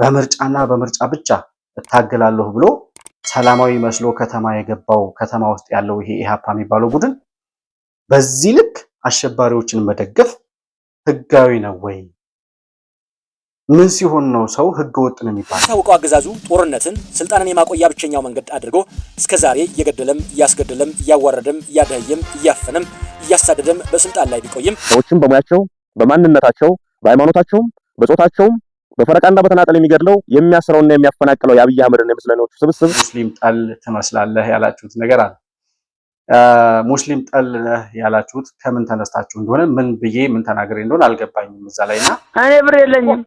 በምርጫና በምርጫ ብቻ እታገላለሁ ብሎ ሰላማዊ መስሎ ከተማ የገባው ከተማ ውስጥ ያለው ይሄ ኢህአፓ የሚባለው ቡድን በዚህ ልክ አሸባሪዎችን መደገፍ ህጋዊ ነው ወይ? ምን ሲሆን ነው ሰው ህገ ወጥ ነው የሚባለው ታውቀው አገዛዙ ጦርነትን ስልጣንን የማቆያ ብቸኛው መንገድ አድርጎ እስከዛሬ እየገደለም እያስገደለም እያዋረደም እያደየም እያፈነም እያሳደደም በስልጣን ላይ ቢቆይም ሰዎችን በሙያቸው በማንነታቸው በሃይማኖታቸውም በጾታቸውም በፈረቃና በተናጠል የሚገድለው የሚያስረውና የሚያፈናቅለው የአብይ አህመድና የምስለኔዎቹ ስብስብ ሙስሊም ጠል ትመስላለህ ያላችሁት ነገር አለ። ሙስሊም ጠል ያላችሁት ከምን ተነስታችሁ እንደሆነ ምን ብዬ ምን ተናግሬ እንደሆነ አልገባኝም። እዛ ላይ ና እኔ ብር የለኝም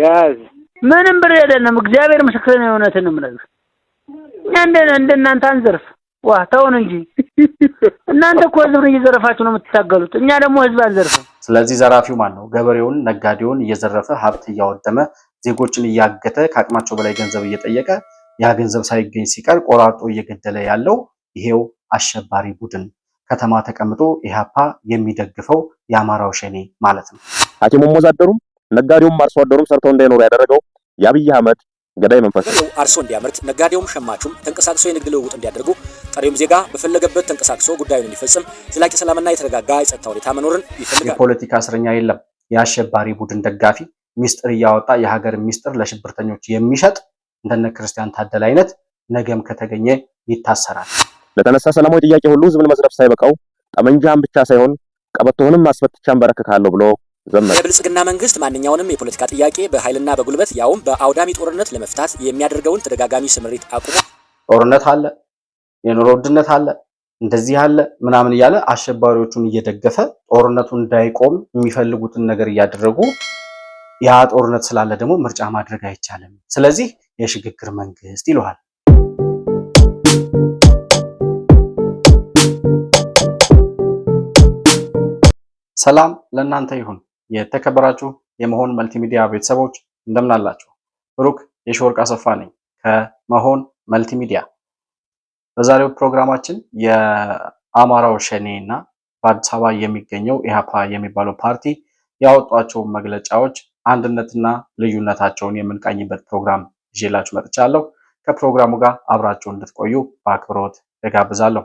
ያዝ ምንም ብር የለንም። እግዚአብሔር ነው። የእውነትን ምለግ እንደ እናንተ አንዘርፍ ዋ ተውን እንጂ እናንተ እኮ ህዝብን እየዘረፋችሁ ነው የምትታገሉት። እኛ ደግሞ ህዝብ አንዘርፍም። ስለዚህ ዘራፊው ማን ነው? ገበሬውን፣ ነጋዴውን እየዘረፈ ሀብት እያወደመ ዜጎችን እያገተ ከአቅማቸው በላይ ገንዘብ እየጠየቀ ያ ገንዘብ ሳይገኝ ሲቀር ቆራርጦ እየገደለ ያለው ይሄው አሸባሪ ቡድን ከተማ ተቀምጦ ኢህአፓ የሚደግፈው የአማራው ሸኔ ማለት ነው። ሐኪሙም ወዛደሩም ነጋዴውም አርሶ አደሩም ሰርተው እንዳይኖሩ ያደረገው የአብይ አህመድ ገዳይ መንፈስ አርሶ እንዲያመርት ነጋዴውም ሸማቹም ተንቀሳቅሶ የንግድ ልውውጥ እንዲያደርጉ ቀሪውም ዜጋ በፈለገበት ተንቀሳቅሶ ጉዳዩን እንዲፈጽም ዘላቂ ሰላምና የተረጋጋ የጸጥታ ሁኔታ መኖርን ይፈልጋል። የፖለቲካ እስረኛ የለም። የአሸባሪ ቡድን ደጋፊ ሚስጥር እያወጣ የሀገር ሚስጥር ለሽብርተኞች የሚሸጥ እንደነ ክርስቲያን ታደል አይነት ነገም ከተገኘ ይታሰራል። ለተነሳ ሰላማዊ ጥያቄ ሁሉ ህዝብን መዝረፍ ሳይበቃው ጠመንጃን ብቻ ሳይሆን ቀበቶውንም ማስፈትቻን በረክካለሁ ብሎ የብልጽግና መንግስት ማንኛውንም የፖለቲካ ጥያቄ በኃይልና በጉልበት ያውም በአውዳሚ ጦርነት ለመፍታት የሚያደርገውን ተደጋጋሚ ስምሪት አቁሞ ጦርነት አለ፣ የኑሮ ውድነት አለ፣ እንደዚህ አለ ምናምን እያለ አሸባሪዎቹን እየደገፈ ጦርነቱ እንዳይቆም የሚፈልጉትን ነገር እያደረጉ ያ ጦርነት ስላለ ደግሞ ምርጫ ማድረግ አይቻልም። ስለዚህ የሽግግር መንግስት ይለዋል። ሰላም ለእናንተ ይሁን። የተከበራችሁ የመሆን መልቲሚዲያ ቤተሰቦች እንደምን አላችሁ? ብሩክ የሾወርቅ አሰፋ ነኝ ከመሆን መልቲሚዲያ። በዛሬው ፕሮግራማችን የአማራው ሸኔ እና በአዲስ አበባ የሚገኘው ኢህአፓ የሚባለው ፓርቲ ያወጧቸውን መግለጫዎች አንድነትና ልዩነታቸውን የምንቃኝበት ፕሮግራም ይዤላችሁ መጥቻለሁ። ከፕሮግራሙ ጋር አብራችሁ እንድትቆዩ በአክብሮት እጋብዛለሁ።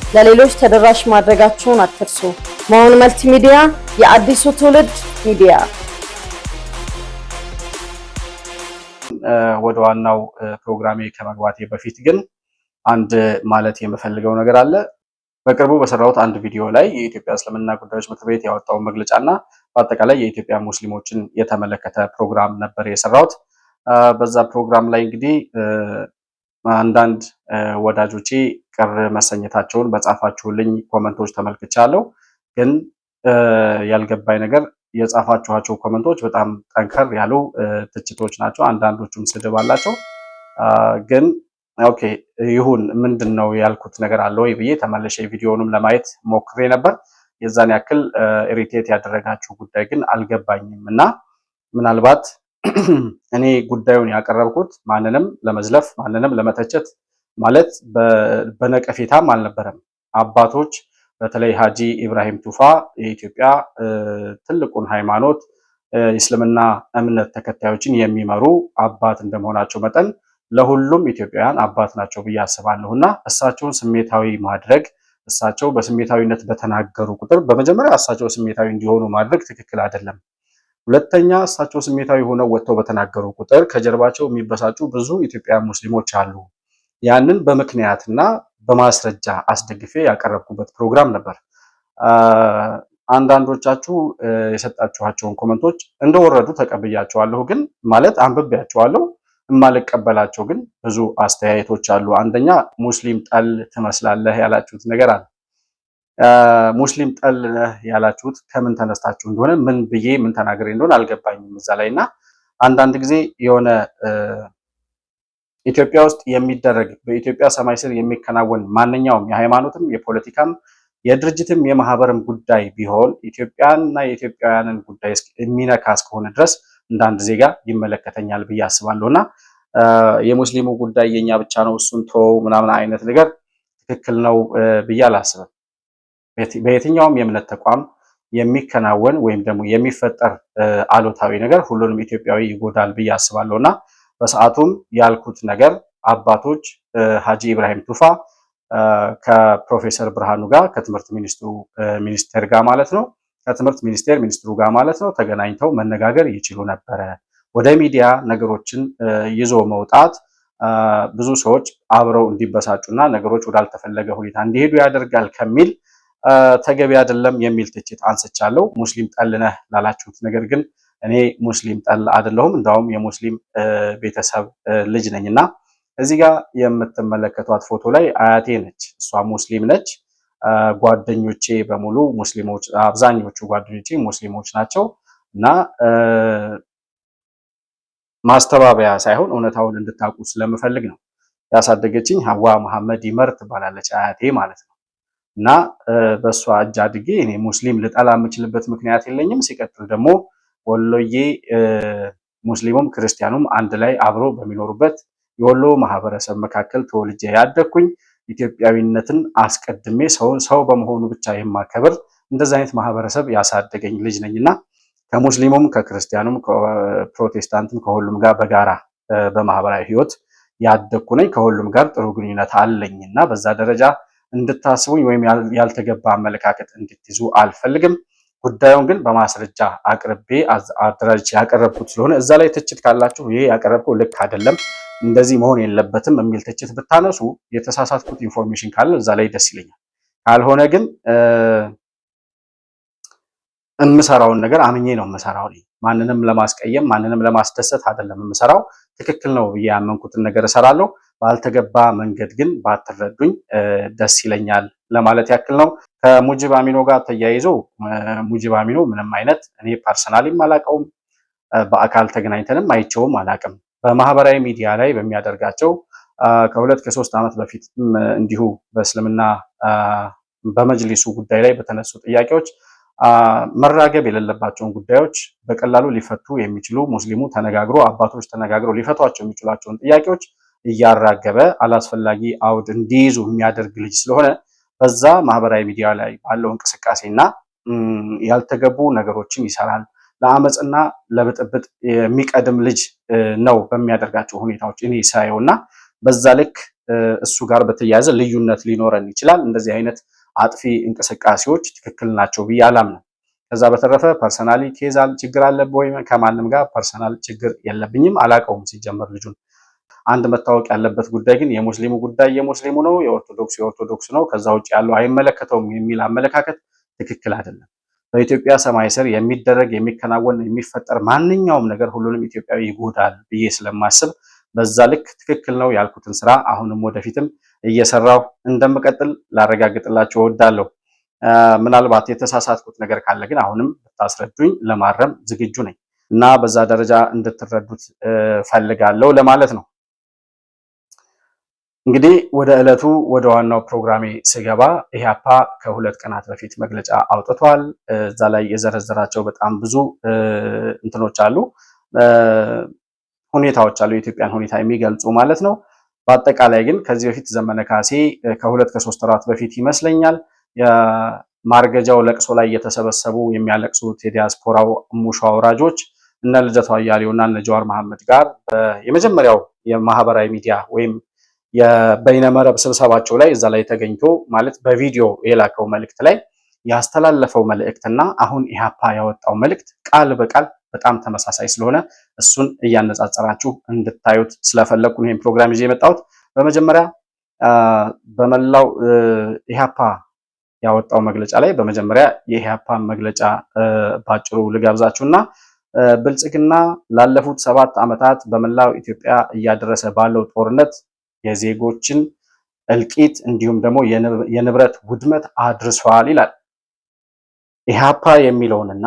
ለሌሎች ተደራሽ ማድረጋቸውን አትርሱ። መሆን መልቲሚዲያ የአዲሱ ትውልድ ሚዲያ። ወደ ዋናው ፕሮግራሜ ከመግባቴ በፊት ግን አንድ ማለት የምፈልገው ነገር አለ። በቅርቡ በሰራሁት አንድ ቪዲዮ ላይ የኢትዮጵያ እስልምና ጉዳዮች ምክር ቤት ያወጣውን መግለጫና በአጠቃላይ የኢትዮጵያ ሙስሊሞችን የተመለከተ ፕሮግራም ነበር የሰራሁት። በዛ ፕሮግራም ላይ እንግዲህ አንዳንድ ወዳጆቼ ቅር መሰኘታቸውን በጻፋችሁልኝ ኮመንቶች ተመልክቻለሁ። ግን ያልገባኝ ነገር የጻፋችኋቸው ኮመንቶች በጣም ጠንከር ያሉ ትችቶች ናቸው። አንዳንዶቹም ስድብ አላቸው። ግን ኦኬ ይሁን ምንድን ነው ያልኩት ነገር አለ ወይ ብዬ ተመልሼ ቪዲዮውንም ለማየት ሞክሬ ነበር። የዛን ያክል ኢሪቴት ያደረጋችሁ ጉዳይ ግን አልገባኝም እና ምናልባት እኔ ጉዳዩን ያቀረብኩት ማንንም ለመዝለፍ ማንንም ለመተቸት ማለት በነቀፌታም አልነበረም። አባቶች በተለይ ሀጂ ኢብራሂም ቱፋ የኢትዮጵያ ትልቁን ሃይማኖት እስልምና እምነት ተከታዮችን የሚመሩ አባት እንደመሆናቸው መጠን ለሁሉም ኢትዮጵያውያን አባት ናቸው ብዬ አስባለሁ እና እሳቸውን ስሜታዊ ማድረግ እሳቸው በስሜታዊነት በተናገሩ ቁጥር በመጀመሪያ እሳቸው ስሜታዊ እንዲሆኑ ማድረግ ትክክል አይደለም። ሁለተኛ እሳቸው ስሜታዊ ሆነው ወጥተው በተናገሩ ቁጥር ከጀርባቸው የሚበሳጩ ብዙ ኢትዮጵያ ሙስሊሞች አሉ። ያንን በምክንያትና በማስረጃ አስደግፌ ያቀረብኩበት ፕሮግራም ነበር። አንዳንዶቻችሁ የሰጣችኋቸውን ኮመንቶች እንደወረዱ ተቀብያቸዋለሁ፣ ግን ማለት አንብቤያቸዋለሁ። የማልቀበላቸው ግን ብዙ አስተያየቶች አሉ። አንደኛ ሙስሊም ጠል ትመስላለህ ያላችሁት ነገር አለ። ሙስሊም ጠል ያላችሁት ከምን ተነስታችሁ እንደሆነ ምን ብዬ ምን ተናገሬ እንደሆነ አልገባኝም እዛ ላይ እና አንዳንድ ጊዜ የሆነ ኢትዮጵያ ውስጥ የሚደረግ በኢትዮጵያ ሰማይ ስር የሚከናወን ማንኛውም የሃይማኖትም የፖለቲካም የድርጅትም የማህበርም ጉዳይ ቢሆን ኢትዮጵያና የኢትዮጵያውያንን ጉዳይ የሚነካ እስከሆነ ድረስ እንዳንድ ዜጋ ይመለከተኛል ብዬ አስባለሁ እና የሙስሊሙ ጉዳይ የኛ ብቻ ነው እሱን ቶ ምናምን አይነት ነገር ትክክል ነው ብዬ አላስብም። በየትኛውም የእምነት ተቋም የሚከናወን ወይም ደግሞ የሚፈጠር አሉታዊ ነገር ሁሉንም ኢትዮጵያዊ ይጎዳል ብዬ አስባለሁ እና በሰዓቱም ያልኩት ነገር አባቶች ሀጂ ኢብራሂም ቱፋ ከፕሮፌሰር ብርሃኑ ጋር ከትምህርት ሚኒስትሩ ሚኒስቴር ጋር ማለት ነው ከትምህርት ሚኒስቴር ሚኒስትሩ ጋር ማለት ነው ተገናኝተው መነጋገር ይችሉ ነበረ። ወደ ሚዲያ ነገሮችን ይዞ መውጣት ብዙ ሰዎች አብረው እንዲበሳጩና ነገሮች ወዳልተፈለገ ሁኔታ እንዲሄዱ ያደርጋል ከሚል ተገቢ አይደለም የሚል ትችት አንስቻለሁ። ሙስሊም ጠል ነህ ላላችሁት ነገር ግን እኔ ሙስሊም ጠል አይደለሁም። እንዳውም የሙስሊም ቤተሰብ ልጅ ነኝ እና እዚህ ጋር የምትመለከቷት ፎቶ ላይ አያቴ ነች። እሷ ሙስሊም ነች። ጓደኞቼ በሙሉ ሙስሊሞች፣ አብዛኞቹ ጓደኞቼ ሙስሊሞች ናቸው እና ማስተባበያ ሳይሆን እውነታውን እንድታውቁ ስለምፈልግ ነው። ያሳደገችኝ ሀዋ መሐመድ ይመር ትባላለች አያቴ ማለት ነው። እና በእሷ እጅ አድጌ እኔ ሙስሊም ልጠላ የምችልበት ምክንያት የለኝም። ሲቀጥል ደግሞ ወሎዬ ሙስሊሙም ክርስቲያኑም አንድ ላይ አብሮ በሚኖሩበት የወሎ ማህበረሰብ መካከል ተወልጄ ያደግኩኝ ኢትዮጵያዊነትን አስቀድሜ ሰው በመሆኑ ብቻ የማከብር እንደዚህ አይነት ማህበረሰብ ያሳደገኝ ልጅ ነኝና ከሙስሊሙም ከክርስቲያኑም ፕሮቴስታንትም ከሁሉም ጋር በጋራ በማህበራዊ ህይወት ያደግኩ ነኝ። ከሁሉም ጋር ጥሩ ግንኙነት አለኝና በዛ ደረጃ እንድታስቡኝ ወይም ያልተገባ አመለካከት እንድትይዙ አልፈልግም። ጉዳዩን ግን በማስረጃ አቅርቤ አደራጅ ያቀረብኩት ስለሆነ እዛ ላይ ትችት ካላችሁ ይሄ ያቀረብከው ልክ አይደለም፣ እንደዚህ መሆን የለበትም የሚል ትችት ብታነሱ የተሳሳትኩት ኢንፎርሜሽን ካለ እዛ ላይ ደስ ይለኛል። ካልሆነ ግን እምሰራውን ነገር አምኜ ነው የምሰራው። ማንንም ለማስቀየም ማንንም ለማስደሰት አይደለም የምሰራው። ትክክል ነው ብዬ ያመንኩትን ነገር እሰራለሁ። ባልተገባ መንገድ ግን ባትረዱኝ ደስ ይለኛል ለማለት ያክል ነው። ከሙጅብ አሚኖ ጋር ተያይዞ ሙጅብ አሚኖ ምንም አይነት እኔ ፐርሰናሊም አላቀውም፣ በአካል ተገናኝተንም አይቸውም አላቅም። በማህበራዊ ሚዲያ ላይ በሚያደርጋቸው ከሁለት ከሶስት ዓመት በፊት እንዲሁ በእስልምና በመጅሊሱ ጉዳይ ላይ በተነሱ ጥያቄዎች መራገብ የሌለባቸውን ጉዳዮች በቀላሉ ሊፈቱ የሚችሉ ሙስሊሙ ተነጋግሮ አባቶች ተነጋግረው ሊፈቷቸው የሚችሏቸውን ጥያቄዎች እያራገበ አላስፈላጊ አውድ እንዲይዙ የሚያደርግ ልጅ ስለሆነ በዛ ማህበራዊ ሚዲያ ላይ ባለው እንቅስቃሴና ያልተገቡ ነገሮችን ይሰራል። ለአመፅና ለብጥብጥ የሚቀድም ልጅ ነው በሚያደርጋቸው ሁኔታዎች እኔ ሳየው እና በዛ ልክ እሱ ጋር በተያያዘ ልዩነት ሊኖረን ይችላል። እንደዚህ አይነት አጥፊ እንቅስቃሴዎች ትክክል ናቸው ብዬ አላምንም። ከዛ በተረፈ ፐርሰናሊ ኬዛል ችግር አለብህ ወይ? ከማንም ጋር ፐርሰናል ችግር የለብኝም። አላቀውም ሲጀመር ልጁን አንድ መታወቅ ያለበት ጉዳይ ግን የሙስሊሙ ጉዳይ የሙስሊሙ ነው፣ የኦርቶዶክስ የኦርቶዶክስ ነው፣ ከዛ ውጭ ያለው አይመለከተውም የሚል አመለካከት ትክክል አይደለም። በኢትዮጵያ ሰማይ ስር የሚደረግ የሚከናወን የሚፈጠር ማንኛውም ነገር ሁሉንም ኢትዮጵያዊ ይጎዳል ብዬ ስለማስብ በዛ ልክ ትክክል ነው ያልኩትን ስራ አሁንም ወደፊትም እየሰራው እንደምቀጥል ላረጋግጥላቸው እወዳለሁ። ምናልባት የተሳሳትኩት ነገር ካለ ግን አሁንም ብታስረዱኝ ለማረም ዝግጁ ነኝ እና በዛ ደረጃ እንድትረዱት ፈልጋለሁ ለማለት ነው። እንግዲህ ወደ ዕለቱ ወደ ዋናው ፕሮግራሜ ስገባ ኢህአፓ ከሁለት ቀናት በፊት መግለጫ አውጥቷል። እዛ ላይ የዘረዘራቸው በጣም ብዙ እንትኖች አሉ፣ ሁኔታዎች አሉ፣ የኢትዮጵያን ሁኔታ የሚገልጹ ማለት ነው። በአጠቃላይ ግን ከዚህ በፊት ዘመነ ካሴ ከሁለት ከሶስት ወራት በፊት ይመስለኛል የማርገጃው ለቅሶ ላይ የተሰበሰቡ የሚያለቅሱት የዲያስፖራው ሙሾ አውራጆች እነ ልደቱ አያሌው እና እነ ጀዋር መሐመድ ጋር የመጀመሪያው የማህበራዊ ሚዲያ ወይም የበይነመረብ ስብሰባቸው ላይ እዛ ላይ ተገኝቶ ማለት በቪዲዮ የላከው መልእክት ላይ ያስተላለፈው መልእክትና አሁን ኢህአፓ ያወጣው መልእክት ቃል በቃል በጣም ተመሳሳይ ስለሆነ እሱን እያነጻጸራችሁ እንድታዩት ስለፈለግኩ ይህን ፕሮግራም ይዤ የመጣሁት። በመጀመሪያ በመላው ኢህአፓ ያወጣው መግለጫ ላይ በመጀመሪያ የኢህአፓ መግለጫ ባጭሩ ልጋብዛችሁና ብልጽግና ላለፉት ሰባት ዓመታት በመላው ኢትዮጵያ እያደረሰ ባለው ጦርነት የዜጎችን እልቂት እንዲሁም ደግሞ የንብረት ውድመት አድርሷል ይላል። ኢህአፓ የሚለውንና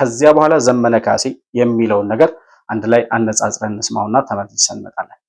ከዚያ በኋላ ዘመነ ካሴ የሚለውን ነገር አንድ ላይ አነጻጽረን እንስማውና ተመልሰን እንመጣለን።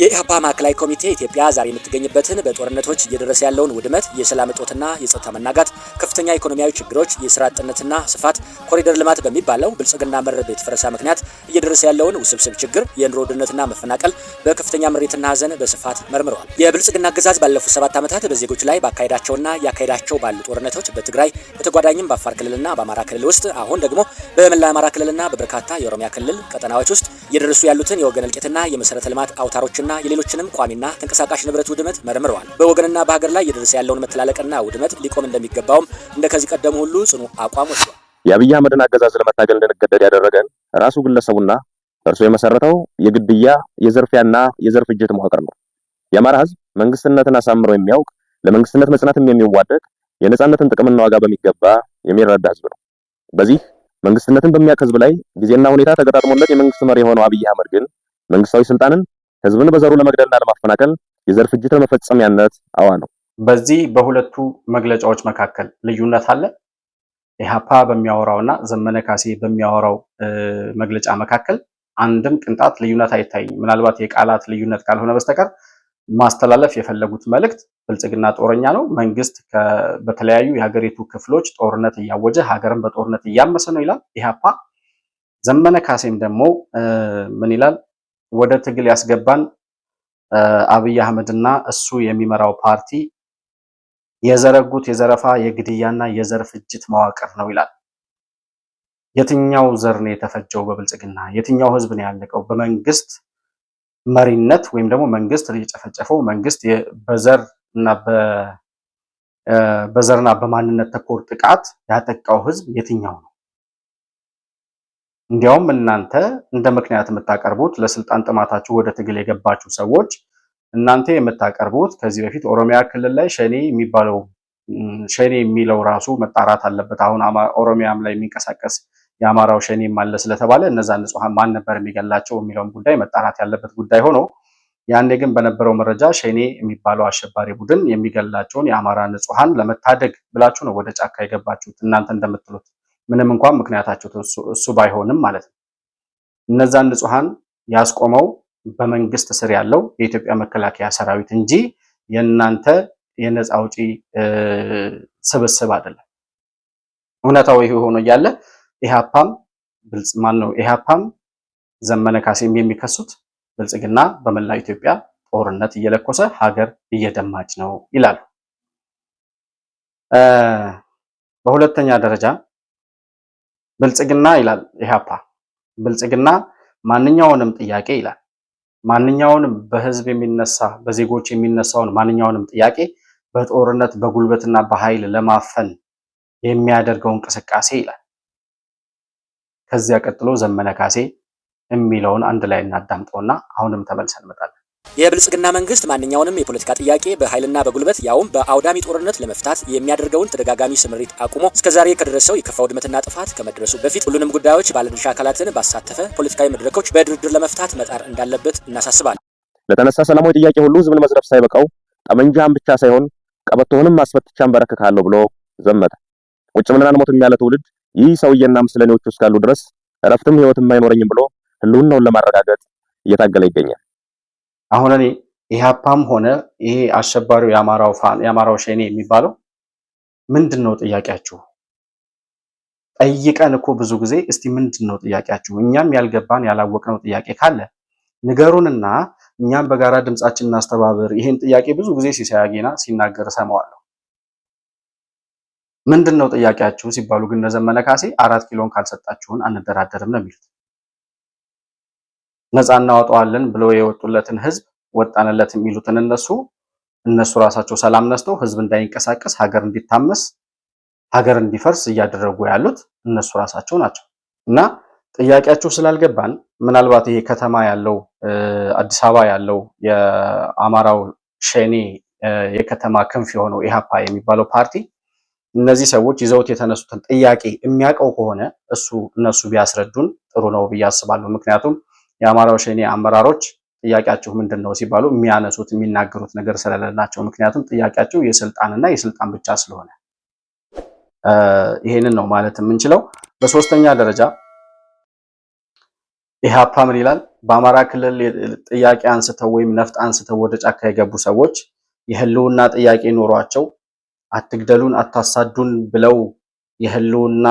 የኢህአፓ ማዕከላዊ ኮሚቴ ኢትዮጵያ ዛሬ የምትገኝበትን በጦርነቶች እየደረሰ ያለውን ውድመት፣ የሰላም እጦትና የጸጥታ መናጋት፣ ከፍተኛ ኢኮኖሚያዊ ችግሮች፣ የስራ አጥነትና ስፋት፣ ኮሪደር ልማት በሚባለው ብልጽግና መር የተፈረሳ ምክንያት እየደረሰ ያለውን ውስብስብ ችግር፣ የኑሮ ውድነትና መፈናቀል በከፍተኛ ምሬትና ሀዘን በስፋት መርምረዋል። የብልጽግና አገዛዝ ባለፉት ሰባት ዓመታት በዜጎች ላይ ባካሄዳቸውና ያካሄዳቸው ባሉ ጦርነቶች በትግራይ በተጓዳኝም በአፋር ክልልና በአማራ ክልል ውስጥ አሁን ደግሞ በመላ አማራ ክልልና በበርካታ የኦሮሚያ ክልል ቀጠናዎች ውስጥ እየደረሱ ያሉትን የወገን እልቂትና የመሰረተ ልማት አውታሮ አሰራሮችና የሌሎችንም ቋሚና ተንቀሳቃሽ ንብረት ውድመት መርምረዋል። በወገንና በሀገር ላይ እየደረሰ ያለውን መተላለቅና ውድመት ሊቆም እንደሚገባውም እንደከዚህ ቀደሙ ሁሉ ጽኑ አቋም ወስዷል። የአብይ አህመድን አገዛዝ ለመታገል እንድንገደድ ያደረገን ራሱ ግለሰቡና እርሱ የመሰረተው የግድያ የዘርፊያና የዘርፍ እጀት መዋቅር ነው። የአማራ ህዝብ መንግስትነትን አሳምሮ የሚያውቅ ለመንግስትነት መጽናትም የሚዋደቅ የነጻነትን ጥቅምና ዋጋ በሚገባ የሚረዳ ህዝብ ነው። በዚህ መንግስትነትን በሚያውቅ ህዝብ ላይ ጊዜና ሁኔታ ተገጣጥሞለት የመንግስት መሪ የሆነው አብይ አህመድ ግን መንግስታዊ ስልጣንን ህዝብን በዘሩ ለመግደልና ለማፈናቀል የዘር ፍጅትን መፈጸሚያነት አዋ ነው። በዚህ በሁለቱ መግለጫዎች መካከል ልዩነት አለ። ኢህአፓ ና ዘመነ ካሴ በሚያወራው መግለጫ መካከል አንድም ቅንጣት ልዩነት አይታይም። ምናልባት የቃላት ልዩነት ካልሆነ በስተቀር ማስተላለፍ የፈለጉት መልእክት ብልጽግና ጦረኛ ነው፣ መንግስት በተለያዩ የሀገሪቱ ክፍሎች ጦርነት እያወጀ ሀገርን በጦርነት እያመሰ ነው ይላል ኢህአፓ። ዘመነ ካሴም ደግሞ ምን ይላል? ወደ ትግል ያስገባን አብይ አህመድና እሱ የሚመራው ፓርቲ የዘረጉት የዘረፋ የግድያና የዘር ፍጅት መዋቅር ነው ይላል። የትኛው ዘር ነው የተፈጀው በብልጽግና? የትኛው ህዝብ ነው ያለቀው? በመንግስት መሪነት ወይም ደግሞ መንግስት የጨፈጨፈው መንግስት በዘር እና በዘርና በማንነት ተኮር ጥቃት ያጠቃው ህዝብ የትኛው ነው? እንዲያውም እናንተ እንደ ምክንያት የምታቀርቡት ለስልጣን ጥማታችሁ ወደ ትግል የገባችሁ ሰዎች እናንተ የምታቀርቡት ከዚህ በፊት ኦሮሚያ ክልል ላይ ሸኔ የሚባለው ሸኔ የሚለው ራሱ መጣራት አለበት። አሁን ኦሮሚያም ላይ የሚንቀሳቀስ የአማራው ሸኔም አለ ስለተባለ እነዛ ንጹሐን ማን ነበር የሚገላቸው የሚለውን ጉዳይ መጣራት ያለበት ጉዳይ ሆኖ ያኔ ግን በነበረው መረጃ ሸኔ የሚባለው አሸባሪ ቡድን የሚገላቸውን የአማራ ንጹሐን ለመታደግ ብላችሁ ነው ወደ ጫካ የገባችሁት እናንተ እንደምትሉት ምንም እንኳን ምክንያታቸው እሱ ባይሆንም ማለት ነው። እነዛን ንጹሐን ያስቆመው በመንግስት ስር ያለው የኢትዮጵያ መከላከያ ሰራዊት እንጂ የእናንተ የነፃ አውጪ ስብስብ አይደለም። እውነታው ይሄ ሆኖ እያለ ኢህአፓም ብልጽ ማን ነው ኢህአፓም ዘመነ ካሴም የሚከሱት ብልጽግና በመላ ኢትዮጵያ ጦርነት እየለኮሰ ሀገር እየደማች ነው ይላሉ። በሁለተኛ ደረጃ ብልጽግና ይላል ኢህአፓ ብልጽግና ማንኛውንም ጥያቄ ይላል ማንኛውንም በህዝብ የሚነሳ በዜጎች የሚነሳውን ማንኛውንም ጥያቄ በጦርነት በጉልበትና በኃይል ለማፈን የሚያደርገው እንቅስቃሴ ይላል። ከዚያ ቀጥሎ ዘመነ ካሴ የሚለውን አንድ ላይ እናዳምጠውና አሁንም ተመልሰን እንመጣለን። የብልጽግና መንግስት ማንኛውንም የፖለቲካ ጥያቄ በኃይልና በጉልበት ያውም በአውዳሚ ጦርነት ለመፍታት የሚያደርገውን ተደጋጋሚ ስምሪት አቁሞ እስከዛሬ ከደረሰው የከፋ ውድመትና ጥፋት ከመድረሱ በፊት ሁሉንም ጉዳዮች ባለድርሻ አካላትን ባሳተፈ ፖለቲካዊ መድረኮች በድርድር ለመፍታት መጣር እንዳለበት እናሳስባል። ለተነሳ ሰላማዊ ጥያቄ ሁሉ ዝምን መዝረፍ ሳይበቃው ጠመንጃን ብቻ ሳይሆን ቀበቶሆንም ማስፈትቻን በረክካለሁ ብሎ ዘመተ። ውጭ ምንና ሞትም ያለ ትውልድ ይህ ሰውዬና ምስለኔዎች እስካሉ ድረስ እረፍትም ህይወትም አይኖረኝም ብሎ ህልውናውን ለማረጋገጥ እየታገለ ይገኛል። አሁን እኔ ኢህአፓም ሆነ ይሄ አሸባሪው የአማራው ፋን የአማራው ሸኔ የሚባለው ምንድን ነው ጥያቄያችሁ? ጠይቀን እኮ ብዙ ጊዜ እስቲ ምንድን ነው ጥያቄያችሁ? እኛም ያልገባን ያላወቅነው ጥያቄ ካለ ንገሩንና እኛም በጋራ ድምጻችን እናስተባብር። ይሄን ጥያቄ ብዙ ጊዜ ሲሳያጌና ሲናገር እሰማዋለሁ። ምንድን ነው ጥያቄያችሁ ሲባሉ ግን እነ 4 ካሴ አራት ኪሎን ካልሰጣችሁን አንደራደርም ነው የሚሉት። ነፃ እናወጣዋለን ብለው የወጡለትን ህዝብ ወጣንለት የሚሉትን እነሱ እነሱ ራሳቸው ሰላም ነስተው ህዝብ እንዳይንቀሳቀስ ሀገር እንዲታመስ ሀገር እንዲፈርስ እያደረጉ ያሉት እነሱ ራሳቸው ናቸው። እና ጥያቄያችሁ ስላልገባን ምናልባት ይሄ ከተማ ያለው አዲስ አበባ ያለው የአማራው ሸኔ የከተማ ክንፍ የሆነው ኢህአፓ የሚባለው ፓርቲ እነዚህ ሰዎች ይዘውት የተነሱትን ጥያቄ የሚያውቀው ከሆነ እሱ እነሱ ቢያስረዱን ጥሩ ነው ብዬ አስባለሁ። ምክንያቱም የአማራው ሸኔ አመራሮች ጥያቄያቸው ምንድን ነው ሲባሉ የሚያነሱት የሚናገሩት ነገር ስለሌላቸው፣ ምክንያቱም ጥያቄያቸው የስልጣንና የስልጣን ብቻ ስለሆነ ይሄንን ነው ማለት የምንችለው። በሶስተኛ ደረጃ ኢህአፓ ምን ይላል? በአማራ ክልል ጥያቄ አንስተው ወይም ነፍጥ አንስተው ወደ ጫካ የገቡ ሰዎች የህልውና ጥያቄ ኖሯቸው አትግደሉን፣ አታሳዱን ብለው የህልውና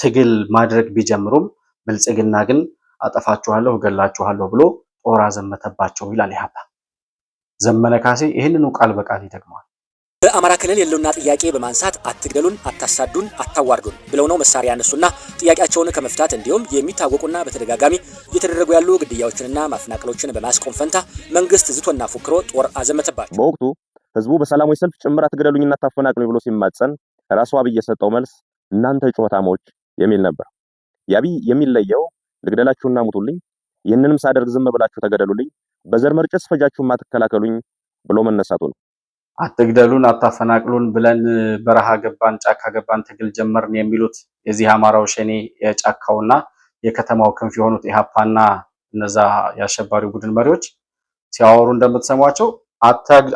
ትግል ማድረግ ቢጀምሩም ብልጽግና ግን አጠፋችኋለሁ፣ እገላችኋለሁ ብሎ ጦር አዘመተባቸው ይላል ኢህአፓ። ዘመነ ካሴ ይህንኑ ቃል በቃል ይጠቅመዋል። በአማራ ክልል የለውና ጥያቄ በማንሳት አትግደሉን፣ አታሳዱን፣ አታዋርዱን ብለው ነው መሳሪያ ያነሱና ጥያቄያቸውን ከመፍታት እንዲሁም የሚታወቁና በተደጋጋሚ እየተደረጉ ያሉ ግድያዎችንና ማፈናቀሎችን በማስቆም ፈንታ መንግስት ዝቶና ፎክሮ ጦር አዘመተባቸው። በወቅቱ ህዝቡ በሰላማዊ ሰልፍ ጭምር አትግደሉኝና አታፈናቅሉኝ ብሎ ሲማጸን ራሱ አብይ የሰጠው መልስ እናንተ ጩኸታሞች የሚል ነበር። የአብይ የሚለየው ልግደላችሁና ሙቱልኝ፣ ይህንንም ሳደርግ ዝም ብላችሁ ተገደሉልኝ፣ በዘር መርጨት ስፈጃችሁ ማትከላከሉኝ ብሎ መነሳቱ ነው። አትግደሉን፣ አታፈናቅሉን ብለን በረሃ ገባን፣ ጫካ ገባን፣ ትግል ጀመርን የሚሉት የዚህ አማራው ሸኔ የጫካውና የከተማው ክንፍ የሆኑት ኢህአፓና እነዛ የአሸባሪው ቡድን መሪዎች ሲያወሩ እንደምትሰሟቸው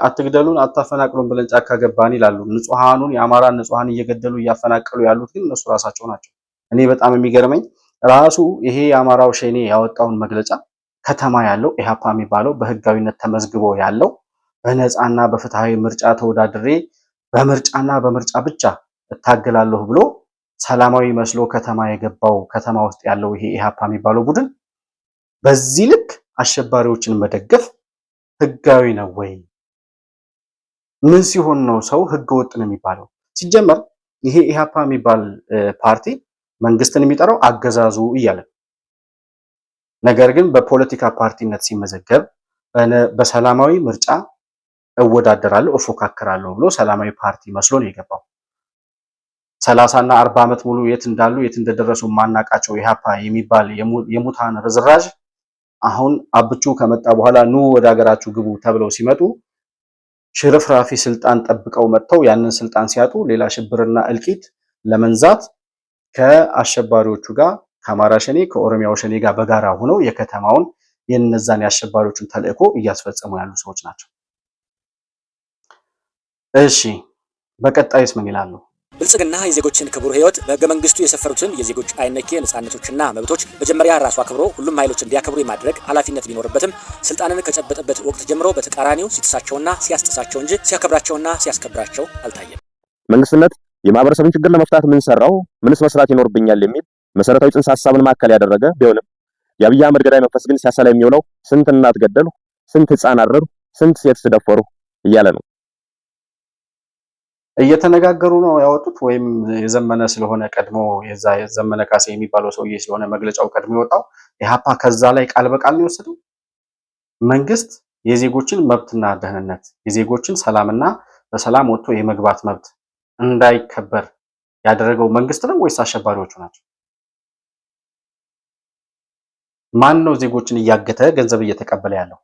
አትግደሉን አታፈናቅሉን ብለን ጫካ ገባን ይላሉ። ንጹሃኑን የአማራ ንጹሃን እየገደሉ እያፈናቀሉ ያሉት ግን እነሱ ራሳቸው ናቸው። እኔ በጣም የሚገርመኝ ራሱ ይሄ የአማራው ሸኔ ያወጣውን መግለጫ ከተማ ያለው ኢህአፓ የሚባለው በህጋዊነት ተመዝግቦ ያለው በነፃና በፍትሃዊ ምርጫ ተወዳድሬ በምርጫና በምርጫ ብቻ እታገላለሁ ብሎ ሰላማዊ መስሎ ከተማ የገባው ከተማ ውስጥ ያለው ይሄ ኢህአፓ የሚባለው ቡድን በዚህ ልክ አሸባሪዎችን መደገፍ ህጋዊ ነው ወይ? ምን ሲሆን ነው ሰው ህገ ወጥ ነው የሚባለው? ሲጀመር ይሄ ኢህአፓ የሚባል ፓርቲ መንግስትን የሚጠራው አገዛዙ እያለ ነገር ግን በፖለቲካ ፓርቲነት ሲመዘገብ በሰላማዊ ምርጫ እወዳደራለሁ እፎካከራለሁ ብሎ ሰላማዊ ፓርቲ መስሎ ነው የገባው። ሰላሳና አርባ ዓመት ሙሉ የት እንዳሉ የት እንደደረሱ ማናቃቸው ኢህአፓ የሚባል የሙታን ርዝራዥ አሁን አብቹ ከመጣ በኋላ ኑ ወደ ሀገራችሁ ግቡ ተብለው ሲመጡ ሽርፍራፊ ስልጣን ጠብቀው መጥተው ያንን ስልጣን ሲያጡ ሌላ ሽብርና እልቂት ለመንዛት ከአሸባሪዎቹ ጋር ከአማራ ሸኔ ከኦሮሚያው ሸኔ ጋር በጋራ ሆነው የከተማውን የነዛን የአሸባሪዎቹን ተልእኮ እያስፈጸሙ ያሉ ሰዎች ናቸው። እሺ በቀጣይስ ምን ይላሉ? ብልጽግና የዜጎችን ክቡር ሕይወት በህገ መንግስቱ የሰፈሩትን የዜጎች አይነኬ ነጻነቶችና መብቶች መጀመሪያ ራሱ አክብሮ ሁሉም ኃይሎች እንዲያከብሩ የማድረግ ኃላፊነት ቢኖርበትም ስልጣንን ከጨበጠበት ወቅት ጀምሮ በተቃራኒው ሲጥሳቸውና ሲያስጥሳቸው እንጂ ሲያከብራቸውና ሲያስከብራቸው አልታየም። መንግስትነት የማህበረሰብን ችግር ለመፍታት ምን ሰራው፣ ምንስ መስራት ይኖርብኛል የሚል መሰረታዊ ጽንሰ ሐሳብን ማዕከል ያደረገ ቢሆንም የአብይ አህመድ ገዳይ መንፈስ ግን ሲያሰላ የሚውለው ስንት እናት ገደሉ፣ ስንት ህፃን አረሩ፣ ስንት ሴት ስደፈሩ እያለ ነው። እየተነጋገሩ ነው ያወጡት ወይም የዘመነ ስለሆነ ቀድሞ የዛ የዘመነ ካሴ የሚባለው ሰውዬ ስለሆነ መግለጫው ቀድሞ የወጣው ኢህአፓ ከዛ ላይ ቃል በቃል ነው የወሰደው። መንግስት የዜጎችን መብትና ደህንነት የዜጎችን ሰላምና በሰላም ወጥቶ የመግባት መብት እንዳይከበር ያደረገው መንግስት ነው ወይስ አሸባሪዎቹ ናቸው? ማን ነው ዜጎችን እያገተ ገንዘብ እየተቀበለ ያለው?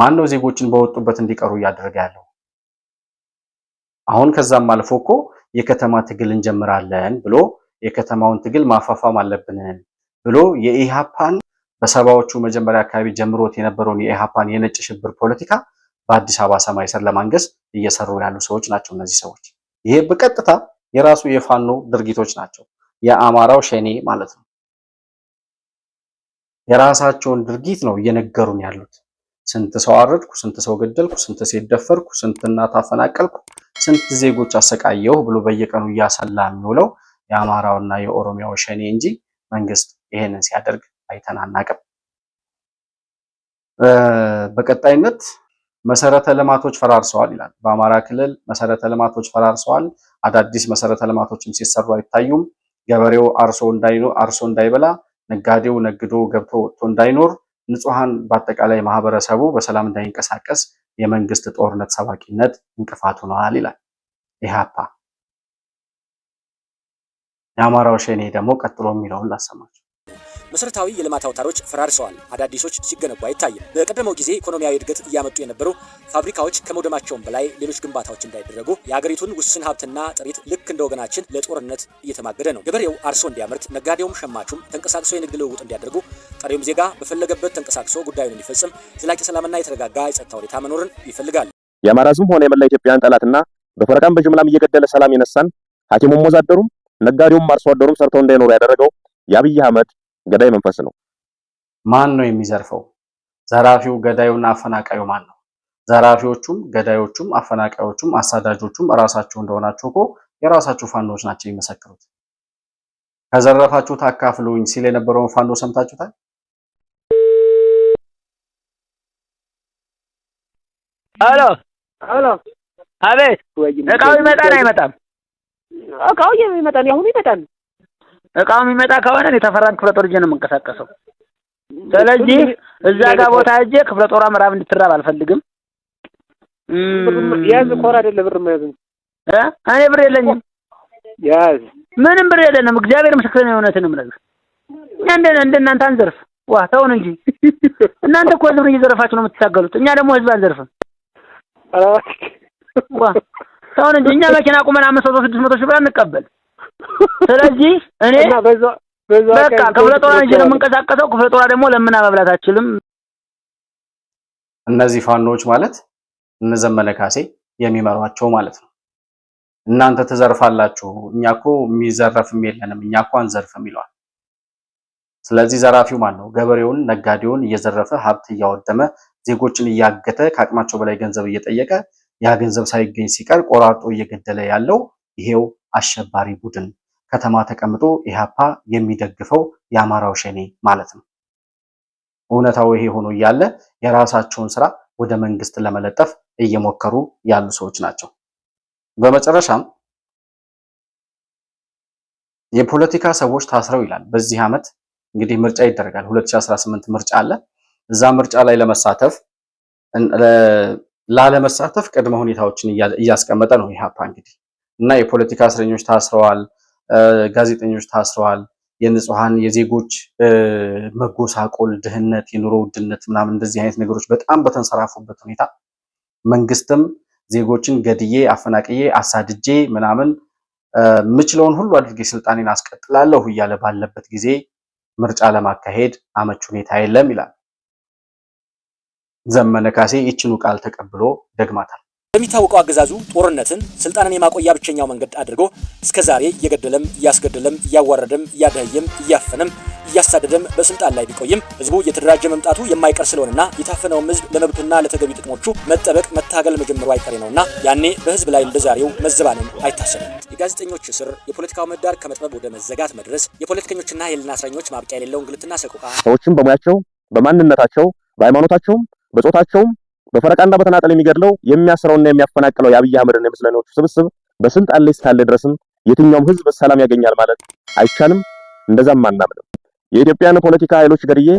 ማን ነው ዜጎችን በወጡበት እንዲቀሩ እያደረገ ያለው? አሁን ከዛም አልፎ እኮ የከተማ ትግል እንጀምራለን ብሎ የከተማውን ትግል ማፋፋም አለብን ብሎ የኢሃፓን በሰባዎቹ መጀመሪያ አካባቢ ጀምሮት የነበረውን የኢሃፓን የነጭ ሽብር ፖለቲካ በአዲስ አበባ ሰማይ ስር ለማንገስ እየሰሩ ያሉ ሰዎች ናቸው እነዚህ ሰዎች። ይሄ በቀጥታ የራሱ የፋኖ ድርጊቶች ናቸው። የአማራው ሸኔ ማለት ነው። የራሳቸውን ድርጊት ነው እየነገሩን ያሉት። ስንት ሰው አረድኩ፣ ስንት ሰው ገደልኩ፣ ስንት ሴት ደፈርኩ፣ ስንት እናት አፈናቀልኩ፣ ስንት ዜጎች አሰቃየሁ ብሎ በየቀኑ እያሰላ የሚውለው የአማራውና የኦሮሚያው ሸኔ እንጂ መንግስት ይሄንን ሲያደርግ አይተናናቅም። በቀጣይነት መሰረተ ልማቶች ፈራርሰዋል ይላል። በአማራ ክልል መሰረተ ልማቶች ፈራርሰዋል። አዳዲስ መሰረተ ልማቶችም ሲሰሩ አይታዩም። ገበሬው አርሶ አርሶ እንዳይበላ፣ ነጋዴው ነግዶ ገብቶ ወጥቶ እንዳይኖር፣ ንጹሃን በአጠቃላይ ማህበረሰቡ በሰላም እንዳይንቀሳቀስ የመንግስት ጦርነት ሰባቂነት እንቅፋት ሆነዋል ይላል ኢህአፓ። የአማራው ሸኔ ደግሞ ቀጥሎ የሚለውን ላሰማቸው። መሰረታዊ የልማት አውታሮች ፈራርሰዋል፣ አዳዲሶች ሲገነቡ አይታይም። በቀደመው ጊዜ ኢኮኖሚያዊ እድገት እያመጡ የነበሩ ፋብሪካዎች ከመውደማቸውም በላይ ሌሎች ግንባታዎች እንዳይደረጉ የአገሪቱን ውስን ሀብትና ጥሪት ልክ እንደ ወገናችን ለጦርነት እየተማገደ ነው። ገበሬው አርሶ እንዲያመርት፣ ነጋዴውም ሸማቹም ተንቀሳቅሶ የንግድ ልውውጥ እንዲያደርጉ፣ ጠሪውም ዜጋ በፈለገበት ተንቀሳቅሶ ጉዳዩን እንዲፈጽም ዘላቂ ሰላምና የተረጋጋ የጸጥታ ሁኔታ መኖርን ይፈልጋል። የአማራ ዝም ሆነ የመላ ኢትዮጵያን ጠላትና በፈረቃም በጅምላም እየገደለ ሰላም የነሳን ሐኪሙም ወዛደሩም ነጋዴውም አርሶ አደሩም ሰርተው እንዳይኖሩ ያደረገው የአብይ አህመድ ገዳይ መንፈስ ነው። ማን ነው የሚዘርፈው? ዘራፊው፣ ገዳዩና አፈናቃዩ ማን ነው? ዘራፊዎቹም ገዳዮቹም አፈናቃዮቹም አሳዳጆቹም እራሳቸው እንደሆናቸው እኮ የራሳቸው ፋኖች ናቸው የሚመሰክሩት። ከዘረፋችሁ ታካፍሉኝ ሲል የነበረውን ፋኖ ሰምታችሁታል? አሎ አሎ፣ አቤት። እቃው ይመጣል አይመጣም? እቃው ይመጣል፣ ያሁኑ ይመጣል እቃው የሚመጣ ከሆነ ተፈራን ክፍለ ጦር ይዤ ነው የምንቀሳቀሰው። ስለዚህ እዛ ጋር ቦታ እጄ ክፍለ ጦሯ ምዕራብ እንድትራብ አልፈልግም። ያዝ ኮር አይደለ ብር መያዝ እኔ ብር የለኝም። ያዝ ምንም ብር የለንም። እግዚአብሔር ምስክር ነው። እውነትን እምነግርህ እኛ እንደ እናንተ አንዘርፍ። ዋ ተውን እንጂ እናንተ እኮ ህዝብን እየዘረፋችሁ ነው የምትታገሉት። እኛ ደግሞ ህዝብ አንዘርፍም። ዋ ተውን እንጂ እኛ መኪና ቁመን አምስት መቶ ስድስት መቶ ሺህ ብር አንቀበል ስለዚህ እኔ በቃ ክፍለ ጦር ነው የምንቀሳቀሰው። ክፍለ ጦር ደግሞ ለምን መብላት አችልም። እነዚህ ፋኖች ማለት እነ ዘመነ ካሴ የሚመሯቸው ማለት ነው። እናንተ ትዘርፋላችሁ፣ እኛኮ የሚዘረፍም የለንም፣ እኛኮ አንዘርፍም ይለዋል። ስለዚህ ዘራፊው ማን ነው? ገበሬውን፣ ነጋዴውን እየዘረፈ ሀብት እያወደመ ዜጎችን እያገተ ከአቅማቸው በላይ ገንዘብ እየጠየቀ ያ ገንዘብ ሳይገኝ ሲቀር ቆራርጦ እየገደለ ያለው ይሄው አሸባሪ ቡድን ከተማ ተቀምጦ ኢህአፓ የሚደግፈው የአማራው ሸኔ ማለት ነው። እውነታው ይሄ ሆኖ እያለ የራሳቸውን ስራ ወደ መንግስት ለመለጠፍ እየሞከሩ ያሉ ሰዎች ናቸው። በመጨረሻም የፖለቲካ ሰዎች ታስረው ይላል። በዚህ ዓመት እንግዲህ ምርጫ ይደረጋል። 2018 ምርጫ አለ። እዛ ምርጫ ላይ ለመሳተፍ ላለመሳተፍ ቅድመ ሁኔታዎችን እያስቀመጠ ነው ኢህአፓ እንግዲህ እና የፖለቲካ እስረኞች ታስረዋል፣ ጋዜጠኞች ታስረዋል። የንጹሐን የዜጎች መጎሳቆል፣ ድህነት፣ የኑሮ ውድነት ምናምን እንደዚህ አይነት ነገሮች በጣም በተንሰራፉበት ሁኔታ መንግስትም ዜጎችን ገድዬ አፈናቅዬ አሳድጄ ምናምን ምችለውን ሁሉ አድርጌ ስልጣኔን አስቀጥላለሁ እያለ ባለበት ጊዜ ምርጫ ለማካሄድ አመች ሁኔታ የለም ይላል ዘመነ ካሴ። ይችኑ ቃል ተቀብሎ ደግማታል። በሚታወቀው አገዛዙ ጦርነትን ስልጣንን የማቆያ ብቸኛው መንገድ አድርጎ እስከዛሬ እየገደለም እያስገደለም እያዋረደም እያደህየም እያፈነም እያሳደደም በስልጣን ላይ ቢቆይም ህዝቡ የተደራጀ መምጣቱ የማይቀር ስለሆነና የታፈነውም ህዝብ ለመብቱና ለተገቢ ጥቅሞቹ መጠበቅ መታገል መጀመሩ አይቀሬ ነውና ያኔ በህዝብ ላይ እንደዛሬው መዘባንም አይታሰብም። የጋዜጠኞች እስር፣ የፖለቲካው ምህዳር ከመጥበብ ወደ መዘጋት መድረስ፣ የፖለቲከኞችና የህሊና እስረኞች ማብቂያ የሌለው እንግልትና ሰቆቃ ሰዎችም በሙያቸው በማንነታቸው በሃይማኖታቸውም በጾታቸውም በፈረቃና በተናጠል የሚገድለው የሚያስረውና የሚያፈናቅለው የአብይ አህመድና የምስለኔዎቹ ስብስብ በስልጣን ላይ እስካለ ድረስም የትኛውም ህዝብ ሰላም ያገኛል ማለት አይቻልም። እንደዛም አናምንም። የኢትዮጵያን ፖለቲካ ኃይሎች ገድዬ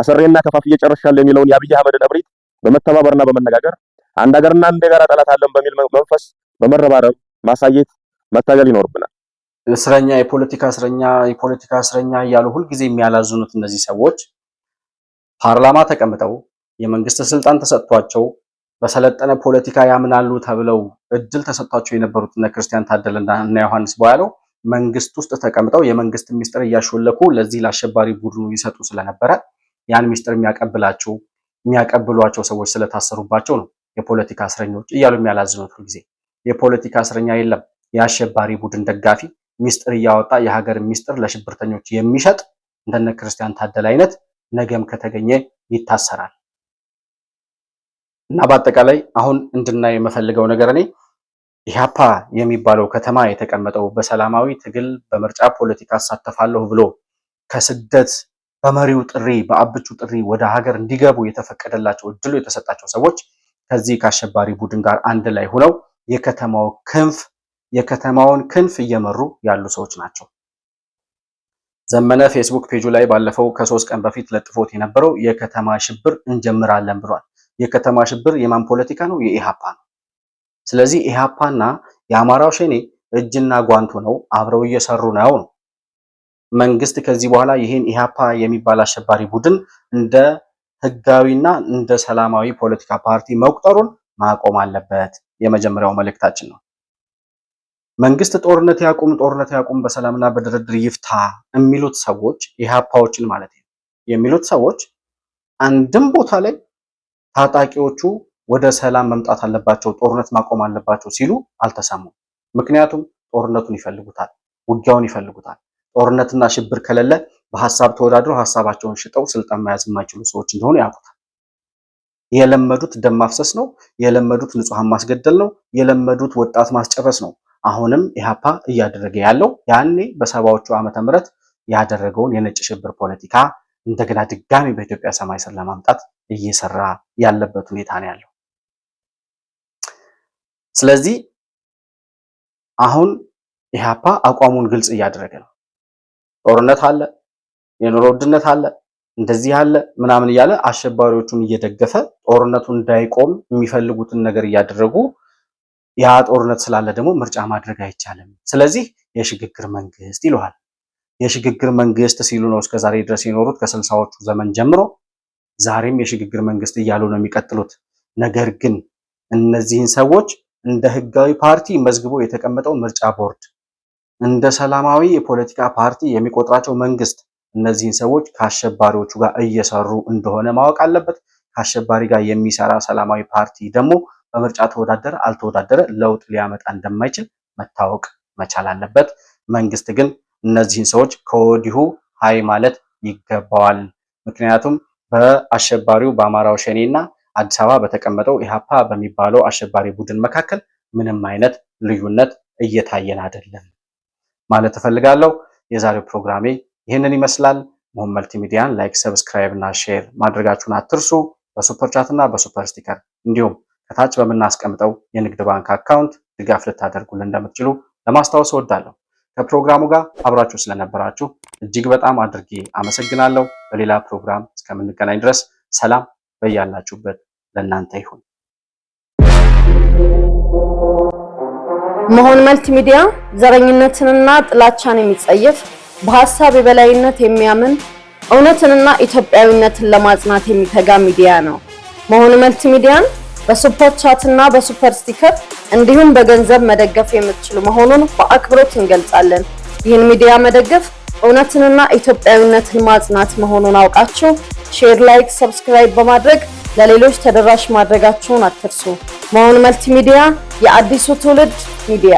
አሰሬና ከፋፍዬ ጨርሻለሁ የሚለውን የአብይ አህመድን እብሪት በመተባበርና በመነጋገር አንድ ሀገርና አንድ የጋራ ጠላት አለን በሚል መንፈስ በመረባረብ ማሳየት መታገል ይኖርብናል። እስረኛ የፖለቲካ እስረኛ የፖለቲካ እስረኛ እያሉ ሁልጊዜ የሚያላዝኑት እነዚህ ሰዎች ፓርላማ ተቀምጠው የመንግስት ስልጣን ተሰጥቷቸው በሰለጠነ ፖለቲካ ያምናሉ ተብለው እድል ተሰጥቷቸው የነበሩት እነ ክርስቲያን ታደለና እነ ዮሐንስ ቦያለው መንግስት ውስጥ ተቀምጠው የመንግስት ሚስጥር እያሾለኩ ለዚህ ለአሸባሪ ቡድኑ ይሰጡ ስለነበረ ያን ሚስጥር የሚያቀብላቸው የሚያቀብሏቸው ሰዎች ስለታሰሩባቸው ነው የፖለቲካ እስረኞች እያሉ የሚያላዝኑት ጊዜ የፖለቲካ እስረኛ የለም። የአሸባሪ ቡድን ደጋፊ ሚስጥር እያወጣ የሀገር ሚስጥር ለሽብርተኞች የሚሸጥ እንደነ ክርስቲያን ታደለ አይነት ነገም ከተገኘ ይታሰራል። እና በአጠቃላይ አሁን እንድናይ የምፈልገው ነገር እኔ ኢህአፓ የሚባለው ከተማ የተቀመጠው በሰላማዊ ትግል በምርጫ ፖለቲካ አሳተፋለሁ ብሎ ከስደት በመሪው ጥሪ በአብቹ ጥሪ ወደ ሀገር እንዲገቡ የተፈቀደላቸው እድሉ የተሰጣቸው ሰዎች ከዚህ ከአሸባሪ ቡድን ጋር አንድ ላይ ሆነው የከተማው ክንፍ የከተማውን ክንፍ እየመሩ ያሉ ሰዎች ናቸው። ዘመነ ፌስቡክ ፔጁ ላይ ባለፈው ከሶስት ቀን በፊት ለጥፎት የነበረው የከተማ ሽብር እንጀምራለን ብሏል። የከተማ ሽብር የማን ፖለቲካ ነው? የኢሃፓ ነው። ስለዚህ ኢሃፓና የአማራው ሸኔ እጅና ጓንቱ ነው፣ አብረው እየሰሩ ነው ነው መንግስት ከዚህ በኋላ ይህን ኢሃፓ የሚባል አሸባሪ ቡድን እንደ ህጋዊና እንደ ሰላማዊ ፖለቲካ ፓርቲ መቁጠሩን ማቆም አለበት። የመጀመሪያው መልእክታችን ነው። መንግስት ጦርነት ያቁም፣ ጦርነት ያቁም፣ በሰላምና በድርድር ይፍታ የሚሉት ሰዎች ኢሃፓዎችን ማለት ነው የሚሉት ሰዎች አንድም ቦታ ላይ ታጣቂዎቹ ወደ ሰላም መምጣት አለባቸው፣ ጦርነት ማቆም አለባቸው ሲሉ አልተሰሙም። ምክንያቱም ጦርነቱን ይፈልጉታል፣ ውጊያውን ይፈልጉታል። ጦርነትና ሽብር ከሌለ በሀሳብ ተወዳድረው ሀሳባቸውን ሽጠው ስልጣን መያዝ የማይችሉ ሰዎች እንደሆኑ ያውቁታል። የለመዱት ደም ማፍሰስ ነው። የለመዱት ንጹሐን ማስገደል ነው። የለመዱት ወጣት ማስጨረስ ነው። አሁንም ኢህአፓ እያደረገ ያለው ያኔ በሰባዎቹ ዓመተ ምህረት ያደረገውን የነጭ ሽብር ፖለቲካ እንደገና ድጋሚ በኢትዮጵያ ሰማይ ስር ለማምጣት እየሰራ ያለበት ሁኔታ ነው ያለው። ስለዚህ አሁን ኢህአፓ አቋሙን ግልጽ እያደረገ ነው። ጦርነት አለ፣ የኑሮ ውድነት አለ፣ እንደዚህ አለ ምናምን እያለ አሸባሪዎቹን እየደገፈ ጦርነቱ እንዳይቆም የሚፈልጉትን ነገር እያደረጉ ያ ጦርነት ስላለ ደግሞ ምርጫ ማድረግ አይቻልም። ስለዚህ የሽግግር መንግስት ይለዋል። የሽግግር መንግስት ሲሉ ነው እስከዛሬ ድረስ የኖሩት ከስልሳዎቹ ዘመን ጀምሮ ዛሬም የሽግግር መንግስት እያሉ ነው የሚቀጥሉት። ነገር ግን እነዚህን ሰዎች እንደ ህጋዊ ፓርቲ መዝግቦ የተቀመጠው ምርጫ ቦርድ፣ እንደ ሰላማዊ የፖለቲካ ፓርቲ የሚቆጥራቸው መንግስት እነዚህን ሰዎች ከአሸባሪዎቹ ጋር እየሰሩ እንደሆነ ማወቅ አለበት። ከአሸባሪ ጋር የሚሰራ ሰላማዊ ፓርቲ ደግሞ በምርጫ ተወዳደረ አልተወዳደረ ለውጥ ሊያመጣ እንደማይችል መታወቅ መቻል አለበት። መንግስት ግን እነዚህን ሰዎች ከወዲሁ ሀይ ማለት ይገባዋል። ምክንያቱም በአሸባሪው በአማራው ሸኔ እና አዲስ አበባ በተቀመጠው ኢህአፓ በሚባለው አሸባሪ ቡድን መካከል ምንም አይነት ልዩነት እየታየን አይደለም ማለት እፈልጋለሁ። የዛሬው ፕሮግራሜ ይህንን ይመስላል። መሆን መልቲ ላይክ፣ ሰብስክራይብ እና ሼር ማድረጋችሁን አትርሱ። በሱፐር ቻት እና በሱፐር ስቲከር እንዲሁም ከታች በምናስቀምጠው የንግድ ባንክ አካውንት ድጋፍ ልታደርጉልን እንደምትችሉ ለማስታወስ እወዳለሁ። ከፕሮግራሙ ጋር አብራችሁ ስለነበራችሁ እጅግ በጣም አድርጌ አመሰግናለሁ። በሌላ ፕሮግራም እስከምንገናኝ ድረስ ሰላም በያላችሁበት ለእናንተ ይሁን። መሆን መልቲሚዲያ ሚዲያ ዘረኝነትንና ጥላቻን የሚጸየፍ በሀሳብ የበላይነት የሚያምን እውነትንና ኢትዮጵያዊነትን ለማጽናት የሚተጋ ሚዲያ ነው። መሆን መልቲሚዲያን ሚዲያን በሱፐር ቻት እና በሱፐር ስቲከር እንዲሁም በገንዘብ መደገፍ የምትችሉ መሆኑን በአክብሮት እንገልጻለን። ይህን ሚዲያ መደገፍ እውነትንና ኢትዮጵያዊነትን ማጽናት መሆኑን አውቃችሁ ሼር፣ ላይክ፣ ሰብስክራይብ በማድረግ ለሌሎች ተደራሽ ማድረጋችሁን አትርሱ። መሆን መልቲሚዲያ የአዲሱ ትውልድ ሚዲያ